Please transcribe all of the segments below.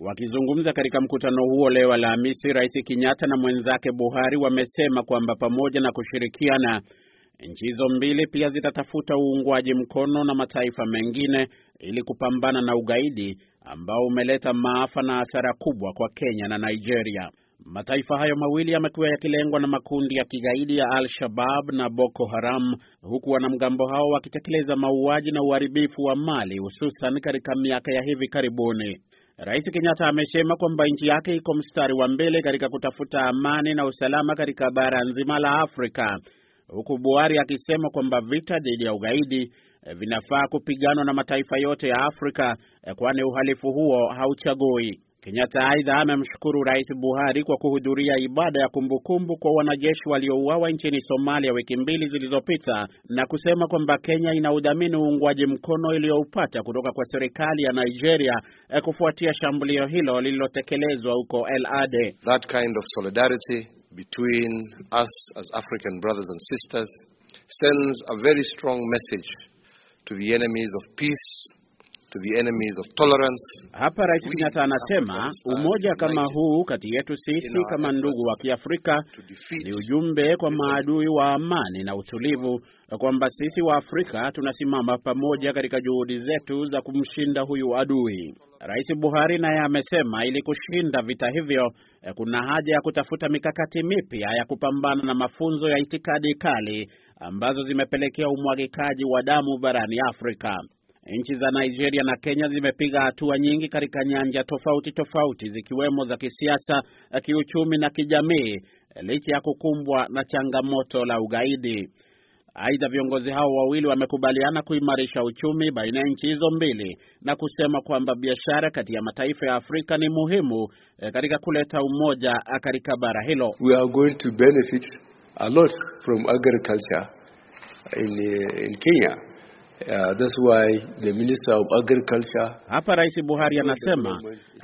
Wakizungumza katika mkutano huo leo Alhamisi, Rais Kenyatta na mwenzake Buhari wamesema kwamba pamoja na kushirikiana, nchi hizo mbili pia zitatafuta uungwaji mkono na mataifa mengine ili kupambana na ugaidi ambao umeleta maafa na hasara kubwa kwa Kenya na Nigeria. Mataifa hayo mawili yamekuwa yakilengwa na makundi ya kigaidi ya Al-Shabab na Boko Haram, huku wanamgambo hao wakitekeleza mauaji na uharibifu wa mali, hususan katika miaka ya hivi karibuni. Rais Kenyatta amesema kwamba nchi yake iko mstari wa mbele katika kutafuta amani na usalama katika bara nzima la Afrika, huku Buhari akisema kwamba vita dhidi ya ugaidi eh, vinafaa kupiganwa na mataifa yote ya Afrika, eh, kwani uhalifu huo hauchagui. Kenyatta aidha amemshukuru Rais Buhari kwa kuhudhuria ibada ya kumbukumbu kwa wanajeshi waliouawa nchini Somalia wiki mbili zilizopita na kusema kwamba Kenya inaudhamini uungwaji mkono iliyoupata kutoka kwa serikali ya Nigeria eh, kufuatia shambulio hilo lililotekelezwa huko El Ade. That kind of solidarity between us as African brothers and sisters sends a very strong message to the enemies of peace to the enemies of tolerance. Hapa Rais Kenyatta anasema umoja kama huu kati yetu sisi kama ndugu wa Kiafrika ni ujumbe kwa maadui wa amani na utulivu kwamba sisi wa Afrika tunasimama pamoja katika juhudi zetu za kumshinda huyu adui. Rais Buhari naye amesema ili kushinda vita hivyo eh, kuna haja ya kutafuta mikakati mipya ya kupambana na mafunzo ya itikadi kali ambazo zimepelekea umwagikaji wa damu barani Afrika. Nchi za Nigeria na Kenya zimepiga hatua nyingi katika nyanja tofauti tofauti zikiwemo za kisiasa, kiuchumi na kijamii licha ya kukumbwa na changamoto la ugaidi. Aidha, viongozi hao wawili wamekubaliana kuimarisha uchumi baina ya nchi hizo mbili na kusema kwamba biashara kati ya mataifa ya Afrika ni muhimu eh, katika kuleta umoja eh, katika bara hilo. We are going to benefit a lot from agriculture in, eh, in Kenya. Uh, that's why the Minister of Agriculture... Hapa Rais Buhari anasema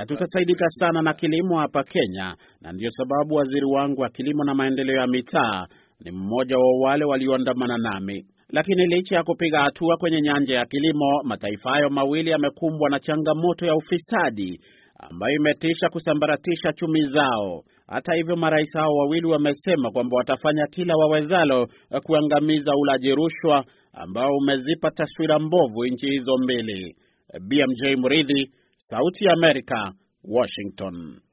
tutasaidika sana na kilimo hapa Kenya, na ndio sababu waziri wangu wa kilimo na maendeleo ya mitaa ni mmoja wa wale walioandamana nami. Lakini licha ya kupiga hatua kwenye nyanja ya kilimo, mataifa hayo mawili yamekumbwa na changamoto ya ufisadi ambayo imetisha kusambaratisha chumi zao. Hata hivyo, marais hao wawili wamesema kwamba watafanya kila wawezalo kuangamiza ulaji rushwa ambao umezipa taswira mbovu nchi hizo mbili. BMJ Muridhi, Sauti ya Amerika, Washington.